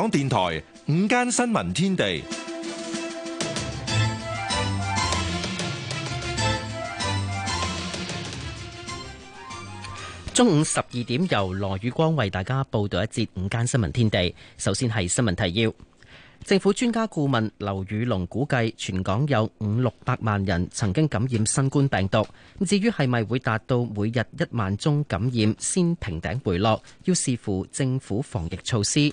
港電台午間新聞天地，中午十二點由羅宇光為大家報道一節午間新聞天地。首先係新聞提要：政府專家顧問劉宇龍估計，全港有五六百萬人曾經感染新冠病毒。咁至於係咪會達到每日一萬宗感染先平頂回落，要視乎政府防疫措施。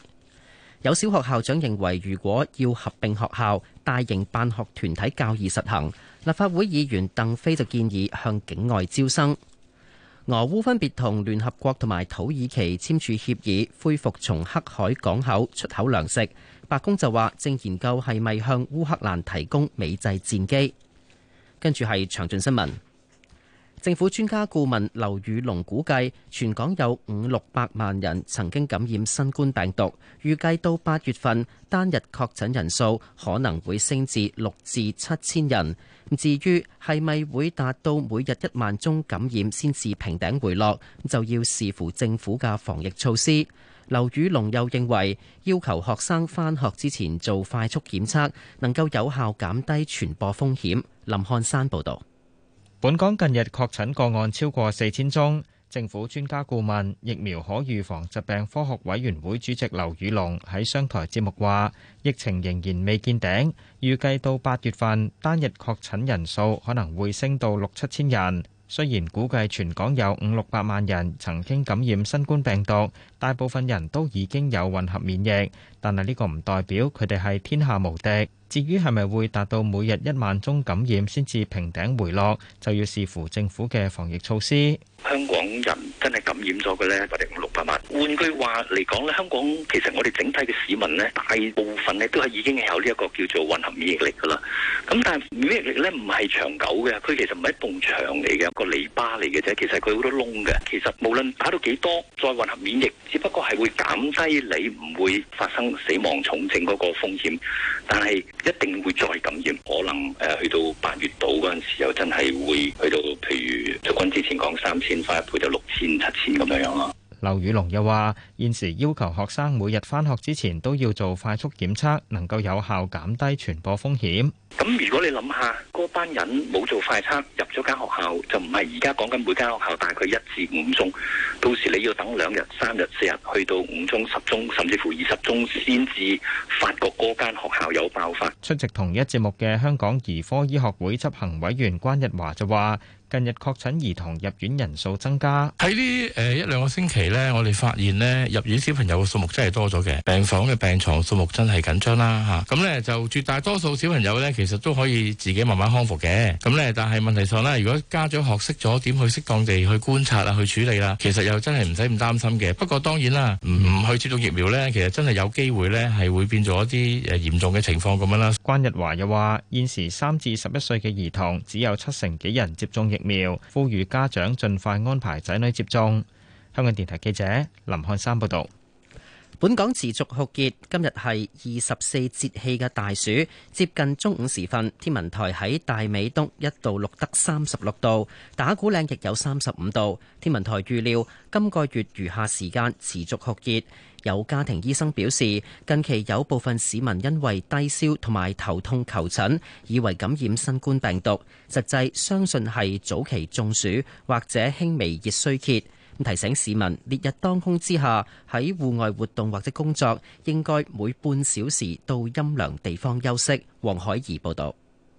有小學校長認為，如果要合併學校，大型辦學團體較易實行。立法會議員鄧飛就建議向境外招生。俄烏分別同聯合國同埋土耳其簽署協議，恢復從黑海港口出口糧食。白宮就話正研究係咪向烏克蘭提供美製戰機。跟住係詳盡新聞。政府專家顧問劉宇龍估計，全港有五六百萬人曾經感染新冠病毒，預計到八月份單日確診人數可能會升至六至七千人。至於係咪會達到每日一萬宗感染先至平頂回落，就要視乎政府嘅防疫措施。劉宇龍又認為，要求學生返學之前做快速檢測，能夠有效減低傳播風險。林漢山報導。本港近日確診個案超過四千宗，政府專家顧問、疫苗可預防疾病科學委員會主席劉宇隆喺商台節目話，疫情仍然未見頂，預計到八月份單日確診人數可能會升到六七千人。雖然估計全港有五六百萬人曾經感染新冠病毒，大部分人都已經有混合免疫，但係呢個唔代表佢哋係天下無敵。至於係咪會達到每日一萬宗感染先至平頂回落，就要視乎政府嘅防疫措施。香港人。真係感染咗嘅咧，或者五六百萬。換句話嚟講咧，香港其實我哋整體嘅市民咧，大部分咧都係已經有呢一個叫做混合免疫力㗎啦。咁但係免疫力咧唔係長久嘅，佢其實唔係一棟牆嚟嘅，一個籬笆嚟嘅啫。其實佢好多窿嘅。其實無論打到幾多再混合免疫，只不過係會減低你唔會發生死亡重症嗰個風險，但係一定會再感染。可能誒、呃、去到八月度嗰陣時候又真係會去到，譬如出君之前講三千翻一倍就六千。一次咁樣咯。劉宇龍又話，現時要求學生每日返學之前都要做快速檢測，能夠有效減低傳播風險。咁如果你諗下，嗰班人冇做快測入咗間學校，就唔係而家講緊每間學校大概一至五宗。到時你要等兩日、三日、四日，去到五宗、十宗，甚至乎二十宗，先至發覺嗰間學校有爆發。出席同一節目嘅香港兒科醫學會執行委員關日華就話。近日確診兒童入院人數增加，喺呢誒一兩個星期咧，我哋發現咧入院小朋友嘅數目真係多咗嘅，病房嘅病牀數目真係緊張啦嚇。咁咧就絕大多數小朋友咧，其實都可以自己慢慢康復嘅。咁咧，但係問題上咧，如果家長學識咗點去適當地去觀察啊，去處理啦，其實又真係唔使咁擔心嘅。不過當然啦，唔去接種疫苗咧，其實真係有機會咧係會變咗一啲誒嚴重嘅情況咁樣啦。關日華又話：現時三至十一歲嘅兒童只有七成幾人接種疫苗。疫苗，呼籲家長盡快安排仔女接種。香港電台記者林漢山報道。本港持續酷熱，今日係二十四節氣嘅大暑，接近中午時分，天文台喺大美督一度錄得三十六度，打鼓嶺亦有三十五度。天文台預料今個月餘下時間持續酷熱。有家庭醫生表示，近期有部分市民因為低燒同埋頭痛求診，以為感染新冠病毒，實際相信係早期中暑或者輕微熱衰竭。提醒市民烈日當空之下喺戶外活動或者工作，應該每半小時到陰涼地方休息。黃海怡報道，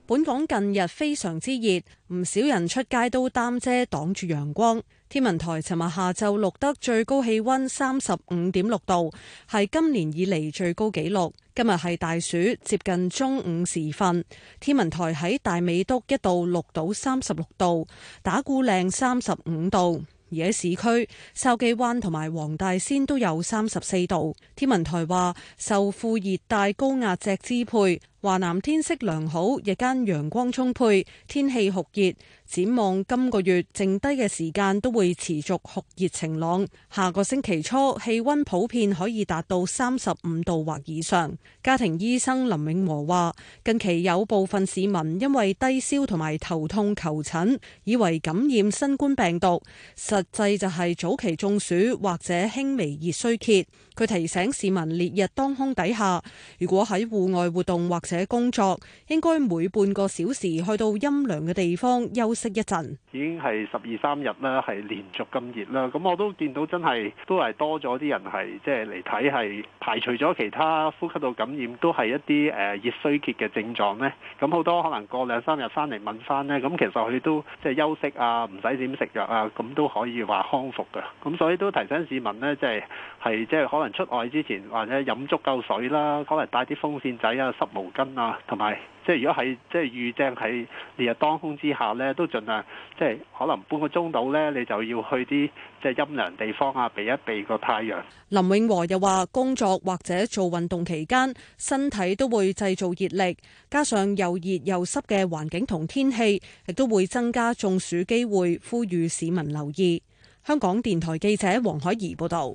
本港近日非常之熱，唔少人出街都擔遮擋住陽光。天文台尋日下晝錄得最高氣溫三十五點六度，係今年以嚟最高紀錄。今日係大暑，接近中午時分，天文台喺大美督一度錄到三十六度，打鼓嶺三十五度。而喺市區，筲箕灣同埋黃大仙都有三十四度。天文台話，受副熱帶高壓脊支配，華南天色良好，日間陽光充沛，天氣酷熱。展望今個月剩低嘅時間都會持續酷熱晴朗。下個星期初，氣溫普遍可以達到三十五度或以上。家庭醫生林永和話，近期有部分市民因為低燒同埋頭痛求診，以為感染新冠病毒，實際就係早期中暑或者輕微熱衰竭。佢提醒市民烈日當空底下，如果喺戶外活動或者工作，應該每半個小時去到陰涼嘅地方休息一陣。已經係十二三日啦，係連續咁熱啦，咁我都見到真係都係多咗啲人係即係嚟睇，係排除咗其他呼吸道感染，都係一啲誒熱衰竭嘅症狀咧。咁好多可能過兩三日翻嚟問翻咧，咁其實佢都即係休息啊，唔使點食藥啊，咁都可以話康復㗎。咁所以都提醒市民咧，即係係即係可能。出外之前或者飲足夠水啦，可能帶啲風扇仔啊、濕毛巾啊，同埋即係如果係即係遇正喺烈日當空之下咧，都盡量即係可能半個鐘到咧，你就要去啲即係陰涼地方啊避一避個太陽。林永和又話：工作或者做運動期間，身體都會製造熱力，加上又熱又濕嘅環境同天氣，亦都會增加中暑機會，呼籲市民留意。香港電台記者黃海怡報道。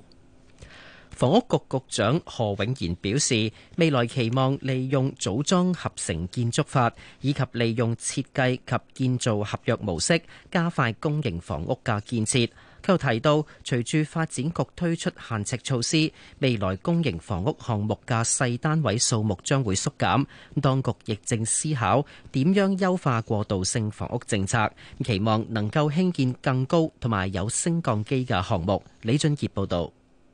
房屋局局長何永賢表示，未來期望利用組裝合成建築法以及利用設計及建造合約模式，加快公營房屋嘅建設。佢又提到，隨住發展局推出限尺措施，未來公營房屋項目嘅細單位數目將會縮減。當局亦正思考點樣優化過渡性房屋政策，期望能夠興建更高同埋有升降機嘅項目。李俊杰報道。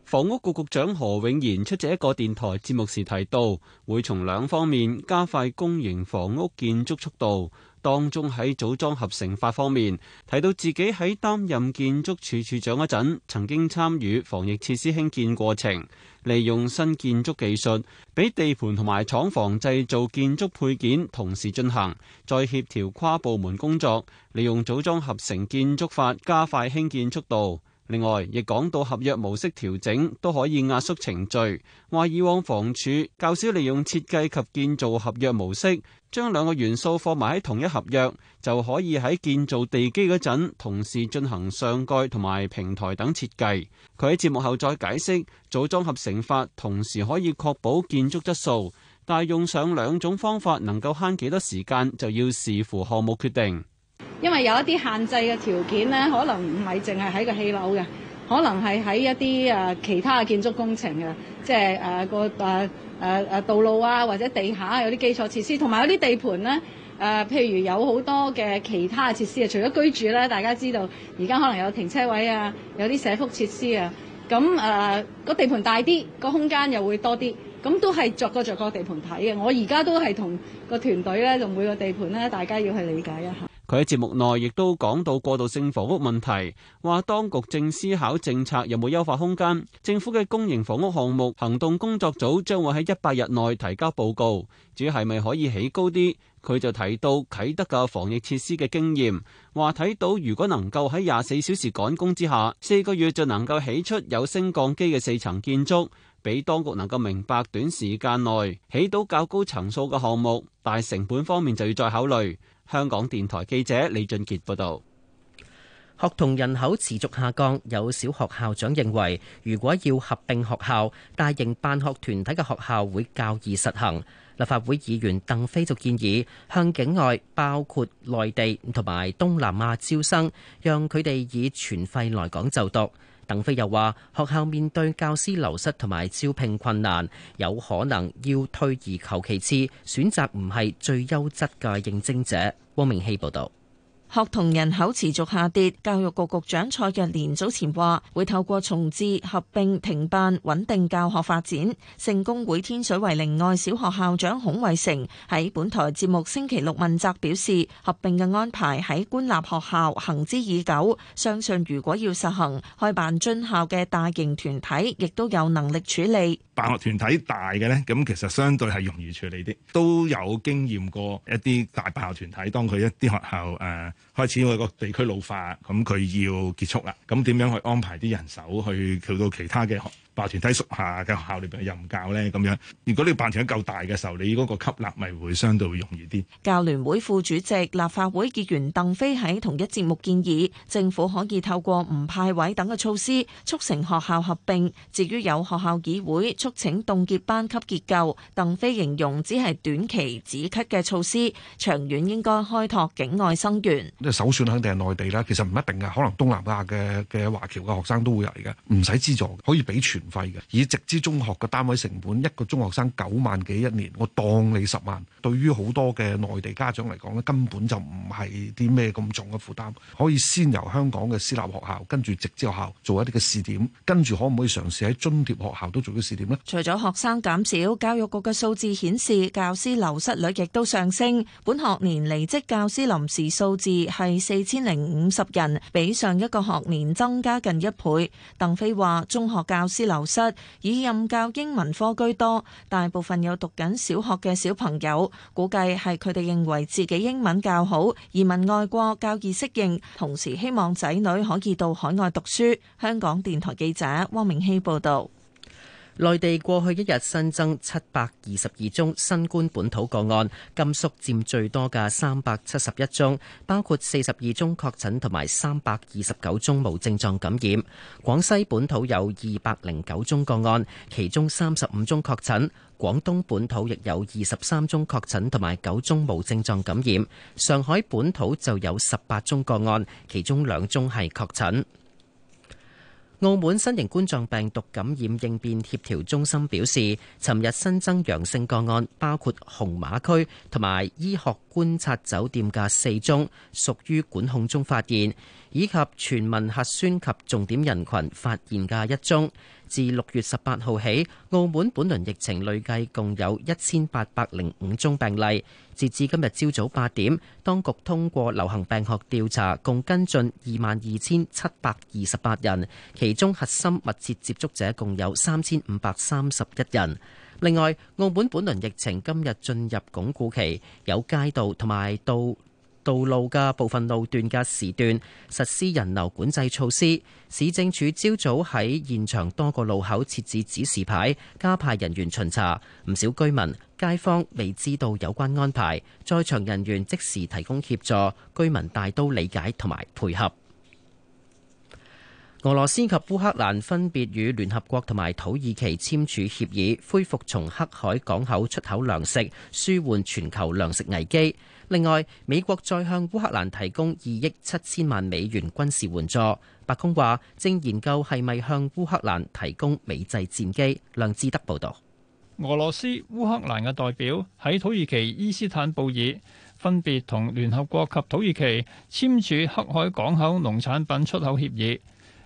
房屋局局長何永賢出席一個電台節目時提到，會從兩方面加快公營房屋建築速度。當中喺組裝合成法方面，提到自己喺擔任建築處處長嗰陣，曾經參與防疫設施興建過程，利用新建築技術，俾地盤同埋廠房製造建築配件同時進行，再協調跨部門工作，利用組裝合成建築法加快興建速度。另外，亦講到合約模式調整都可以壓縮程序，話以往房署較少利用設計及建造合約模式，將兩個元素放埋喺同一合約，就可以喺建造地基嗰陣同時進行上蓋同埋平台等設計。佢喺節目後再解釋組裝合成法同時可以確保建築質素，但係用上兩種方法能夠慳幾多時間就要視乎項目決定。因為有一啲限制嘅條件咧，可能唔係淨係喺個起樓嘅，可能係喺一啲誒、呃、其他嘅建築工程嘅，即係誒個誒誒誒道路啊，或者地下啊，有啲基礎設施，同埋有啲地盤咧誒、呃，譬如有好多嘅其他嘅設施啊，除咗居住咧，大家知道而家可能有停車位啊，有啲社福設施啊，咁誒個地盤大啲，個空間又會多啲，咁都係逐個逐個地盤睇嘅。我而家都係同個團隊咧，同每個地盤咧，大家要去理解一下。佢喺節目內亦都講到過渡性房屋問題，話當局正思考政策有冇優化空間。政府嘅公營房屋項目行動工作組將會喺一百日內提交報告，至於係咪可以起高啲，佢就提到啟德嘅防疫設施嘅經驗，話睇到如果能夠喺廿四小時趕工之下，四個月就能夠起出有升降機嘅四層建築，俾當局能夠明白短時間內起到較高層數嘅項目，但成本方面就要再考慮。香港電台記者李俊杰報道，學童人口持續下降，有小學校長認為，如果要合併學校，大型辦學團體嘅學校會較易實行。立法會議員鄧飛就建議，向境外，包括內地同埋東南亞招生，讓佢哋以全費來港就讀。鄧飛又話學校面對教師流失同埋招聘困難，有可能要退而求其次，選擇唔係最優質嘅應徵者。汪明希報道。學童人口持續下跌，教育局局長蔡若蓮早前話會透過重置、合併停辦穩定教學發展。聖公會天水圍另外小學校長孔惠成喺本台節目星期六問責表示，合併嘅安排喺官立學校行之已久，相信如果要實行，開辦進校嘅大型團體亦都有能力處理。辦學團體大嘅呢，咁其實相對係容易處理啲，都有經驗過一啲大辦學團體，當佢一啲學校誒。呃開始，我個地區老化，咁佢要結束啦。咁點樣去安排啲人手去調到其他嘅辦學團體屬下嘅學校裏邊任教呢。咁樣如果你辦團夠大嘅時候，你嗰個吸納咪會相對容易啲。教聯會副主席、立法會議員鄧飛喺同一節目建議，政府可以透過唔派位等嘅措施，促成學校合併。至於有學校議會促請凍結班級結構，鄧飛形容只係短期止咳嘅措施，長遠應該開拓境外生源。首選肯定係內地啦，其實唔一定嘅，可能東南亞嘅嘅華僑嘅學生都會嚟嘅，唔使資助，可以俾全費嘅，以直資中學嘅單位成本一個中學生九萬幾一年，我當你十萬，對於好多嘅內地家長嚟講咧，根本就唔係啲咩咁重嘅負擔，可以先由香港嘅私立學校跟住直資學校做一啲嘅試點，跟住可唔可以嘗試喺津貼學校都做啲試點咧？除咗學生減少，教育局嘅數字顯示，教師流失率亦都上升。本學年離職教師臨時數字係四千零五十人，比上一個學年增加近一倍。鄧飛話，中學教師流流失以任教英文科居多，大部分有讀緊小學嘅小朋友，估計係佢哋認為自己英文較好，移民外國較易適應，同時希望仔女可以到海外讀書。香港電台記者汪明熙報道。內地過去一日新增七百二十二宗新冠本土個案，甘肅佔最多嘅三百七十一宗，包括四十二宗確診同埋三百二十九宗無症狀感染。廣西本土有二百零九宗個案，其中三十五宗確診；廣東本土亦有二十三宗確診同埋九宗無症狀感染。上海本土就有十八宗個案，其中兩宗係確診。澳門新型冠狀病毒感染應變協調中心表示，尋日新增陽性個案包括紅碼區同埋醫學觀察酒店嘅四宗，屬於管控中發現，以及全民核酸及重點人群發現嘅一宗。自六月十八號起，澳門本輪疫情累計共有一千八百零五宗病例。截至今日朝早八點，當局通過流行病學調查，共跟進二萬二千七百二十八人，其中核心密切接觸者共有三千五百三十一人。另外，澳門本輪疫情今日進入鞏固期，有街道同埋到。道路嘅部分路段嘅時段實施人流管制措施。市政署朝早喺現場多個路口設置指示牌，加派人員巡查。唔少居民街坊未知道有關安排，在場人員即時提供協助，居民大都理解同埋配合。俄羅斯及烏克蘭分別與聯合國同埋土耳其簽署協議，恢復從黑海港口出口糧食，舒緩全球糧食危機。另外，美國再向烏克蘭提供二億七千萬美元軍事援助。白宮話正研究係咪向烏克蘭提供美製戰機。梁志德報導，俄羅斯、烏克蘭嘅代表喺土耳其伊斯坦布爾分別同聯合國及土耳其簽署黑海港口農產品出口協議。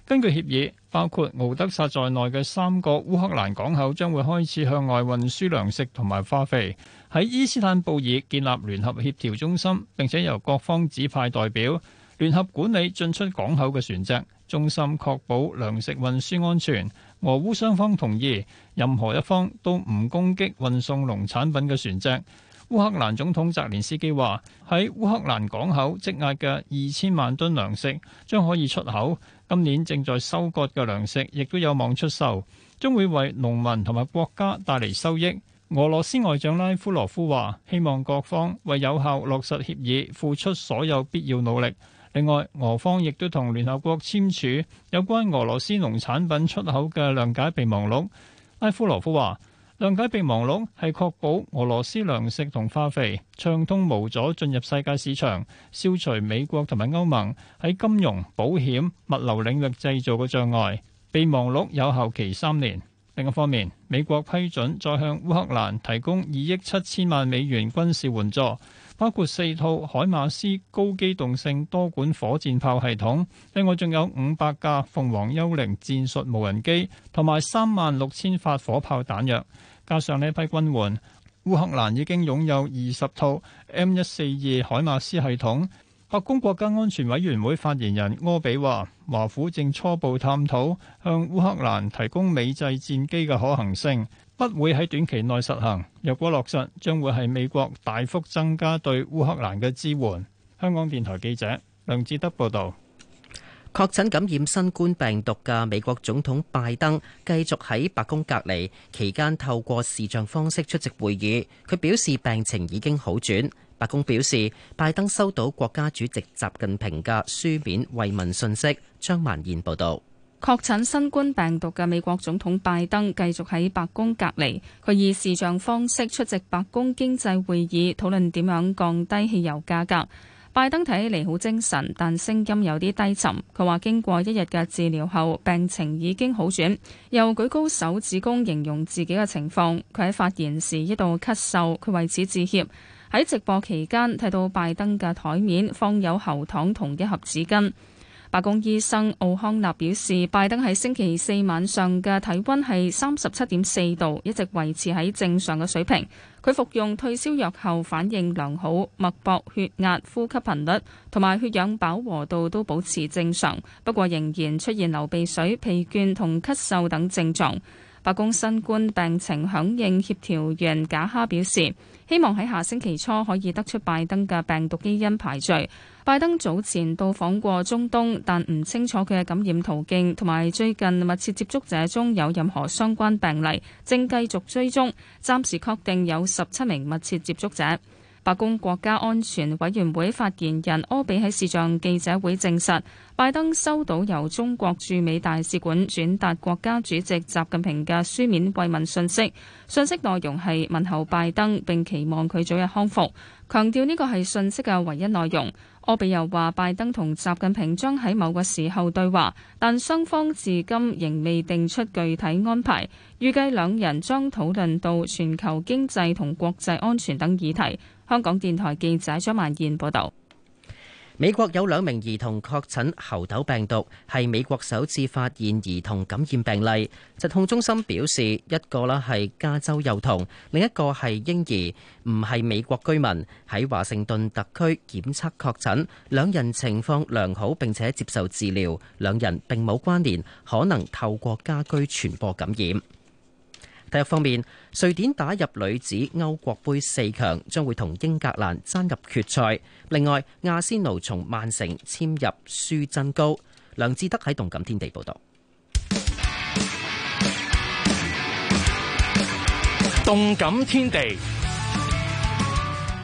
根據協議，包括奧德薩在內嘅三個烏克蘭港口將會開始向外運輸糧食同埋化肥。喺伊斯坦布爾建立聯合協調中心，並且由各方指派代表聯合管理進出港口嘅船隻。中心確保糧食運輸安全。俄烏雙方同意，任何一方都唔攻擊運送農產品嘅船隻。烏克蘭總統澤連斯基話：喺烏克蘭港口積壓嘅二千萬噸糧食將可以出口，今年正在收割嘅糧食亦都有望出售，將會為農民同埋國家帶嚟收益。俄羅斯外長拉夫羅夫話：希望各方為有效落實協議付出所有必要努力。另外，俄方亦都同聯合國簽署有關俄羅斯農產品出口嘅諒解備忘錄。拉夫羅夫話：上解備忘錄係確保俄羅斯糧食同化肥暢通無阻進入世界市場，消除美國同埋歐盟喺金融、保險、物流領域製造嘅障礙。備忘錄有效期三年。另一方面，美國批准再向烏克蘭提供二億七千萬美元軍事援助，包括四套海馬斯高機動性多管火箭炮系統，另外仲有五百架鳳凰幽靈戰術無人機同埋三萬六千發火炮彈藥。加上呢批軍援，烏克蘭已經擁有二十套 M 一四二海馬斯系統。白宮國家安全委員會發言人柯比話，華府正初步探討向烏克蘭提供美製戰機嘅可行性，不會喺短期內實行。若果落實，將會係美國大幅增加對烏克蘭嘅支援。香港電台記者梁志德報道。確診感染新冠病毒嘅美國總統拜登繼續喺白宮隔離期間，透過視像方式出席會議。佢表示病情已經好轉。白宮表示，拜登收到國家主席習近平嘅書面慰問信息。張曼燕報道：確診新冠病毒嘅美國總統拜登繼續喺白宮隔離。佢以視像方式出席白宮經濟會議，討論點樣降低汽油價格。拜登睇起嚟好精神，但聲音有啲低沉。佢話經過一日嘅治療後，病情已經好轉，又舉高手指公形容自己嘅情況。佢喺發言時一度咳嗽，佢為此致歉。喺直播期間睇到拜登嘅檯面放有喉糖同一盒紙巾。白宮醫生奧康納表示，拜登喺星期四晚上嘅體溫係三十七點四度，一直維持喺正常嘅水平。佢服用退燒藥後反應良好，脈搏、血壓、呼吸頻率同埋血氧飽和度都保持正常，不過仍然出現流鼻水、疲倦同咳嗽等症狀。白宮新冠病情響應協調員賈哈表示，希望喺下星期初可以得出拜登嘅病毒基因排序。拜登早前到訪過中東，但唔清楚佢嘅感染途徑同埋最近密切接觸者中有任何相關病例，正繼續追蹤，暫時確定有十七名密切接觸者。白宮國家安全委員會發言人柯比喺視像記者會證實，拜登收到由中國駐美大使館轉達國家主席習近平嘅書面慰問信息。信息內容係問候拜登，並期望佢早日康復。強調呢個係信息嘅唯一內容。柯比又話，拜登同習近平將喺某個時候對話，但雙方至今仍未定出具體安排。預計兩人將討論到全球經濟同國際安全等議題。香港電台記者張曼燕報道，美國有兩名兒童確診猴痘病毒，係美國首次發現兒童感染病例。疾控中心表示，一個啦係加州幼童，另一個係嬰兒，唔係美國居民，喺華盛頓特區檢測確診，兩人情況良好並且接受治療，兩人並冇關聯，可能透過家居傳播感染。體育方面，瑞典打入女子歐國杯四強，將會同英格蘭爭入決賽。另外，阿仙奴從曼城簽入舒珍高。梁志德喺動感天地報道。動感天地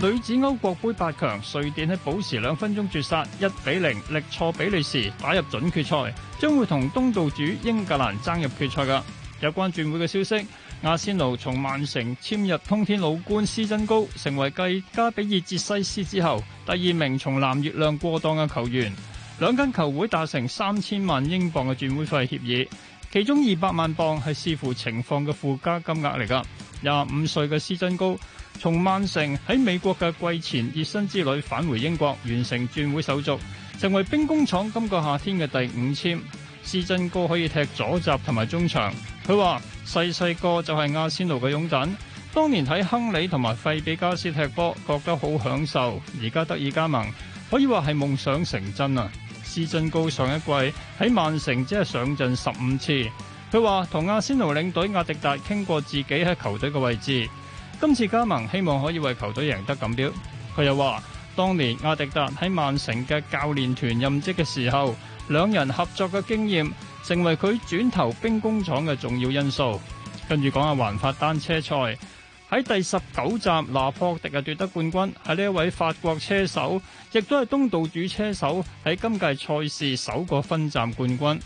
女子歐國杯八強，瑞典喺補時兩分鐘絕殺一比零力挫比利時，打入準決賽，將會同東道主英格蘭爭入決賽㗎。有關轉會嘅消息。阿仙奴從曼城簽入通天老官施真高，成為繼加比爾捷西斯之後第二名從藍月亮過檔嘅球員。兩間球會達成三千萬英鎊嘅轉會費協議，其中二百萬鎊係視乎情況嘅附加金額嚟㗎。廿五歲嘅施真高從曼城喺美國嘅季前熱身之旅返回英國，完成轉會手續，成為兵工廠今個夏天嘅第五簽。施真高可以踢左閘同埋中場。佢話細細個就係阿仙奴嘅擁躉，當年睇亨利同埋費比加斯踢波，覺得好享受。而家得以加盟，可以話係夢想成真啊！辛真高上一季喺曼城只係上陣十五次。佢話同阿仙奴領隊阿迪達傾過自己喺球隊嘅位置，今次加盟希望可以為球隊贏得錦標。佢又話當年阿迪達喺曼城嘅教練團任職嘅時候，兩人合作嘅經驗。成為佢轉投兵工廠嘅重要因素。跟住講下環法單車賽喺第十九站，拿破迪嘅奪得冠軍，係呢一位法國車手，亦都係東道主車手喺今屆賽事首個分站冠軍。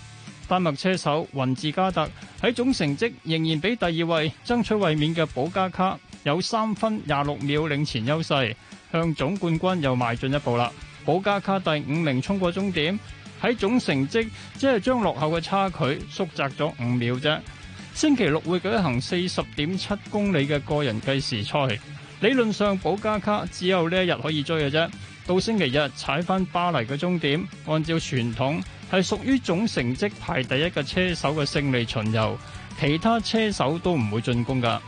丹麥車手雲治加特喺總成績仍然比第二位爭取衛冕嘅保加卡有三分廿六秒領前優勢，向總冠軍又邁進一步啦。保加卡第五名衝過終點。喺總成績，即係將落後嘅差距縮窄咗五秒啫。星期六會舉行四十點七公里嘅個人計時賽，理論上保加卡只有呢一日可以追嘅啫。到星期日踩返巴黎嘅終點，按照傳統係屬於總成績排第一嘅車手嘅勝利巡遊，其他車手都唔會進攻㗎。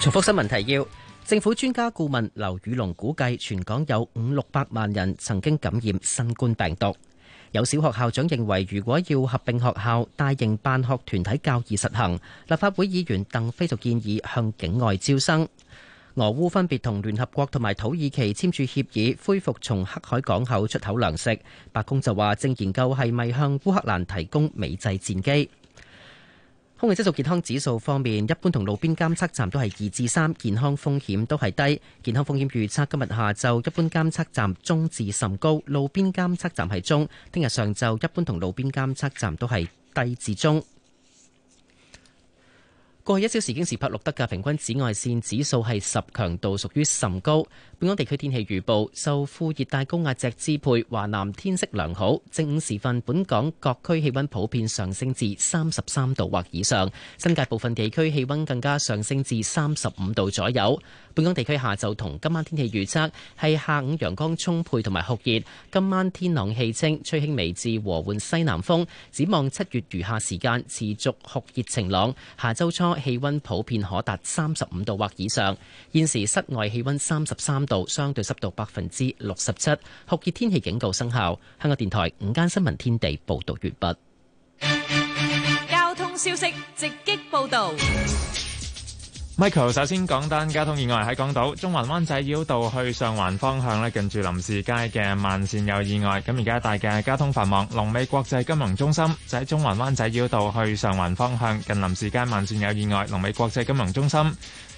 重複新聞提要。政府專家顧問劉宇龍估計，全港有五六百萬人曾經感染新冠病毒。有小學校長認為，如果要合併學校，大型辦學團體較易實行。立法會議員鄧飛就建議向境外招生。俄烏分別同聯合國同埋土耳其簽署協議，恢復從黑海港口出口糧食。白宮就話，正研究係咪向烏克蘭提供美製戰機。空氣質素健康指數方面，一般同路邊監測站都係二至三，健康風險都係低。健康風險預測今日下晝一般監測站中至甚高，路邊監測站係中。聽日上晝一般同路邊監測站都係低至中。過去一小時，京士柏錄得嘅平均紫外線指數係十，強度屬於甚高。本港地區天氣預報，受副熱帶高壓脊支配，華南天色良好。正午時分，本港各區氣温普遍上升至三十三度或以上，新界部分地區氣温更加上升至三十五度左右。本港地區下晝同今晚天氣預測係下午陽光充沛同埋酷熱，今晚天朗氣清，吹輕微至和緩西南風。展望七月餘下時間持續酷熱晴朗，下周初氣温普遍可達三十五度或以上。現時室外氣温三十三度，相對濕度百分之六十七，酷熱天氣警告生效。香港電台午間新聞天地報道完畢。交通消息直擊報導。Michael 首先講單交通意外喺港島中環灣仔繞道去上環方向咧，近住林士街嘅慢線有意外。咁而家一帶嘅交通繁忙，龍尾國際金融中心就喺中環灣仔繞道去上環方向近林士街慢線有意外。龍尾國際金融中心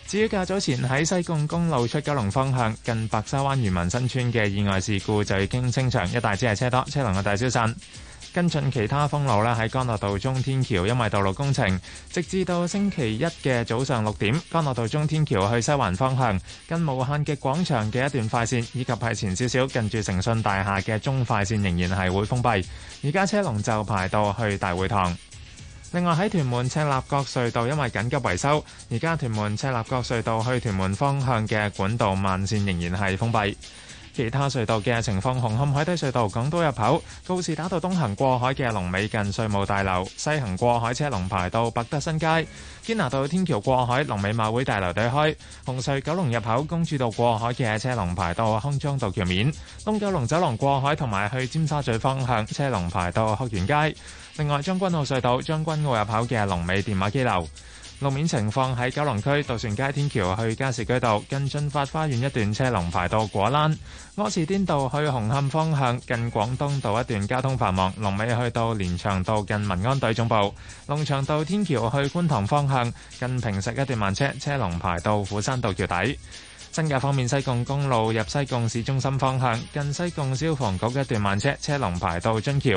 至於較早前喺西貢公路出九龍方向近白沙灣漁民新村嘅意外事故，就已經清，清場，一大支係車多，車龍嘅大消散。跟進其他封路啦。喺干諾道中天橋，因為道路工程，直至到星期一嘅早上六點，干諾道中天橋去西環方向，近無限極廣場嘅一段快線，以及係前少少近住誠信大廈嘅中快線，仍然係會封閉。而家車龍就排到去大會堂。另外喺屯門赤鱲角隧道，因為緊急維修，而家屯門赤立角隧道去屯門方向嘅管道慢線仍然係封閉。其他隧道嘅情況：紅磡海底隧道港島入口、告士打道東行過海嘅龍尾近稅務大樓；西行過海車龍排到百德新街、堅拿道天橋過海龍尾馬會大樓對開。紅隧九龍入口公主道過海嘅車龍排到康莊道橋面；東九龍走廊過海同埋去尖沙咀方向車龍排到鶴園街。另外，將軍澳隧道將軍澳入口嘅龍尾電話機樓。路面情況喺九龍區渡船街天橋去加士居道近俊發花園一段車龍排到果欄，柯士甸道去紅磡方向近廣東道一段交通繁忙，龍尾去到連翔道近民安隊總部，龍翔道天橋去觀塘方向近坪石一段慢車，車龍排到斧山道橋底。新界方面，西貢公路入西貢市中心方向，近西貢消防局一段慢車車龍排到津橋；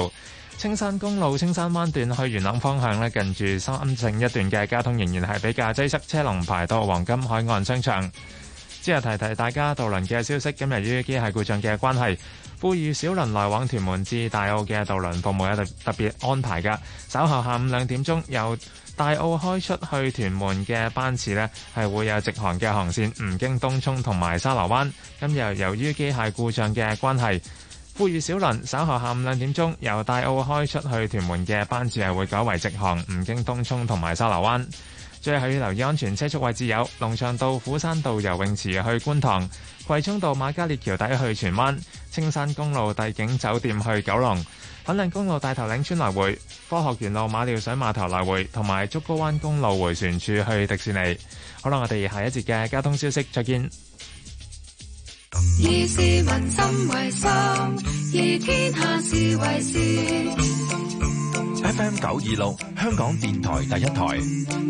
青山公路青山灣段去元朗方向呢，近住三聖一段嘅交通仍然係比較擠塞，車龍排到黃金海岸商場。之後提提大家渡輪嘅消息，今日由於機械故障嘅關係。呼裕小輪來往屯門至大澳嘅渡輪服務有特特別安排嘅。稍後下午兩點鐘由大澳開出去屯門嘅班次呢，係會有直航嘅航綫，唔經東涌同埋沙頭灣。今日由於機械故障嘅關係，呼裕小輪稍後下午兩點鐘由大澳開出去屯門嘅班次係會改為直航，唔經東涌同埋沙頭灣。最後要留意安全車速位置有：龍翔道、虎山道游泳池去觀塘、葵涌道瑪嘉烈橋底去荃灣、青山公路帝景酒店去九龍、粉嶺公路大頭嶺村來回、科學園路馬料水碼頭來回，同埋竹篙灣公路回旋處去迪士尼。好啦，我哋下一節嘅交通消息，再見。以市民心為心，以天下事為先 FM 九二六香港電台第一台，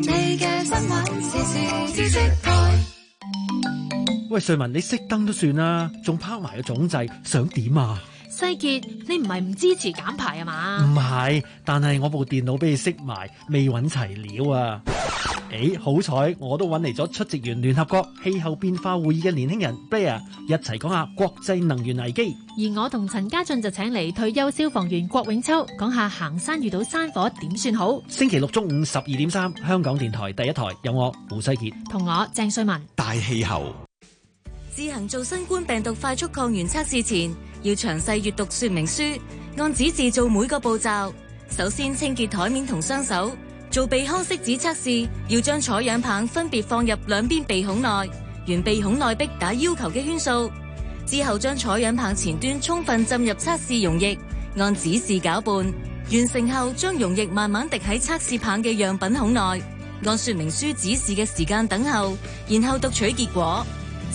你嘅新聞時時知識台。喂，瑞文，你熄燈都算啦，仲拋埋個總掣，想點啊？西杰，你唔係唔支持減排啊嘛？唔係，但係我部電腦俾你熄埋，未揾齊料啊。誒、哎，好彩我都揾嚟咗出席完聯合國氣候變化會議嘅年輕人，Blair 一齊講下國際能源危機。而我同陳家俊就請嚟退休消防員郭永秋講下行山遇到山火點算好。星期六中午十二點三，香港電台第一台有我胡世杰同我鄭瑞文大氣候。自行做新冠病毒快速抗原測試前，要詳細閱讀說明書，按指示做每個步驟。首先清潔台面同雙手。做鼻腔拭子測試，要將採樣棒分別放入兩邊鼻孔內，沿鼻孔內壁打要求嘅圈數。之後將採樣棒前端充分浸入測試溶液，按指示攪拌。完成後，將溶液慢慢滴喺測試棒嘅樣品孔內，按說明書指示嘅時間等候，然後讀取結果。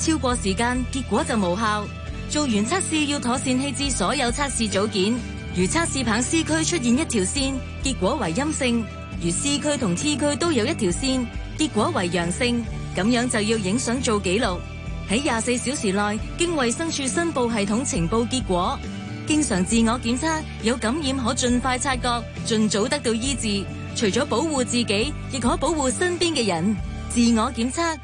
超過時間，結果就無效。做完測試要妥善棄置所有測試組件。如測試棒 C 區出現一條線，結果為陰性。如 C 區同 T 區都有一條線，結果為陽性，咁樣就要影相做記錄，喺廿四小時內經衛生署申報系統呈報結果。經常自我檢測，有感染可盡快察覺，盡早得到醫治。除咗保護自己，亦可保護身邊嘅人。自我檢測。